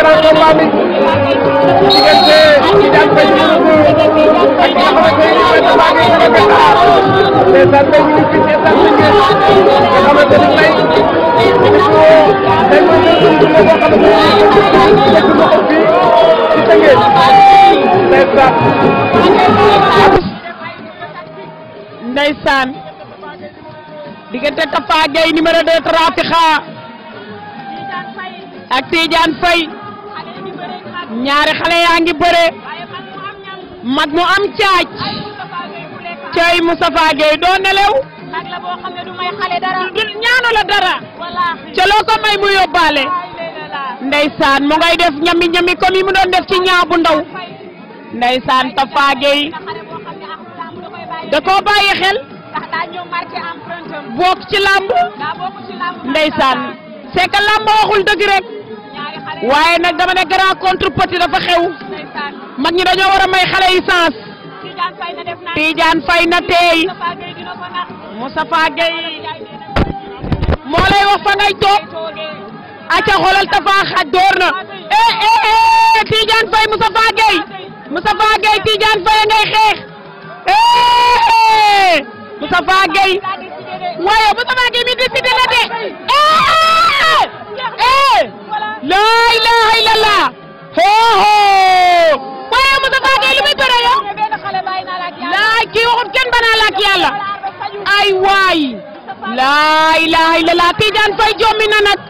grand combat bi diggante Tidiane Faye Gouroup ak ki nga xamante ne mooy Tapha Gueye Sélé Batar ndeysaan tey ñu ngi fi ndeysaan ñu ngi nga xamante ne tey dañ ko jël suñu boo xamante ne fekk na ko fii ci Tëngéej ndeysaan. ndeysaan diggante Tapha Gueye numéro 2 Trafica ak Tidiane Faye ñaari xale yaa ngi bëre mag mu am caaj cay Moustapha Gueye doo nelew ñaanu la dara ca loo ko may mu yóbbaale ndeysaan mu ngay def ñami ñami comme yi mu doon def ci ñaa bu ndaw ndeysaan Moustapha Gueye da koo bàyyi xel bokk ci làmb ndeysaan c'est làmb waxul dëgg rek waaye na dama ne grand contre petit dafa xew mag ñi dañoo war a may xale yi sens Tidiane na teey Moustapha Gueye moo wax fa ngay toog acca xoolal Tapha xaj door na eh eh eh Tidiane Faye Moustapha Gueye Moustapha Gueye Tidiane Faye ngay xeex eh eh, eh. Moustapha Gueye waaye Moustapha Gueye mi décidé la de laa ilaha illallah hoo waaye Moustapha Gueye lu muy bëre yow kii waxut kenn banaa laak yàlla ay waay laa ilaha illallah Tidiane Faye jommi na nag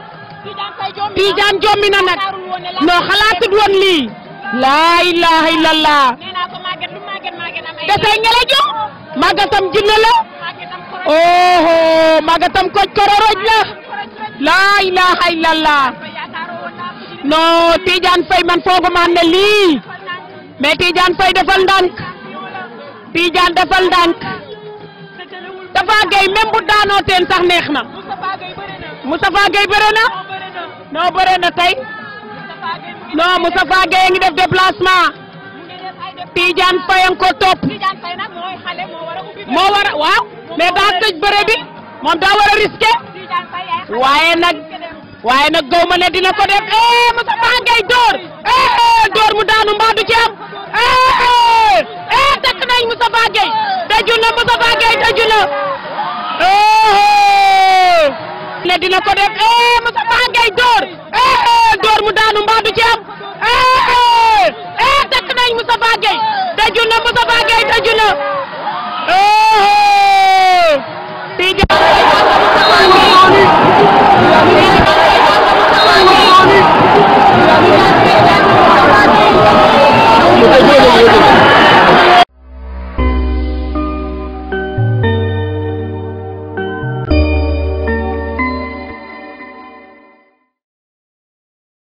Tidiane jommi noo xalaatut woon lii laa ilaha illallah desay ngele jo magatam jinne la oho magatam kororoj laa ilaha illallah non Tidiane Faye man fooguma ne lii mais Tidiane Faye defal ndànk Tidiane defal ndànk Moustapha Gueye même bu daanoo teen sax neex na Moustapha Gueye bëre na non bëre na tey non Moustapha Gueye a ngi def déplacement Tidiane Faye a ngi ko topp moo war waaw mais daa tëj bëre moom daa war a waaye nag. waaye nag gaw ma ne dina ko def eh Moussa Mbaye ngay door eh, eh door mu daanu mbaa du ci am eh eh, eh takk nañ Moussa Mbaye daju eh, ne dina ko def eh Moussa Mbaye ngay door eh mu daanu mbaa du ci am eh eh takk nañ Moussa Mbaye daju na Moussa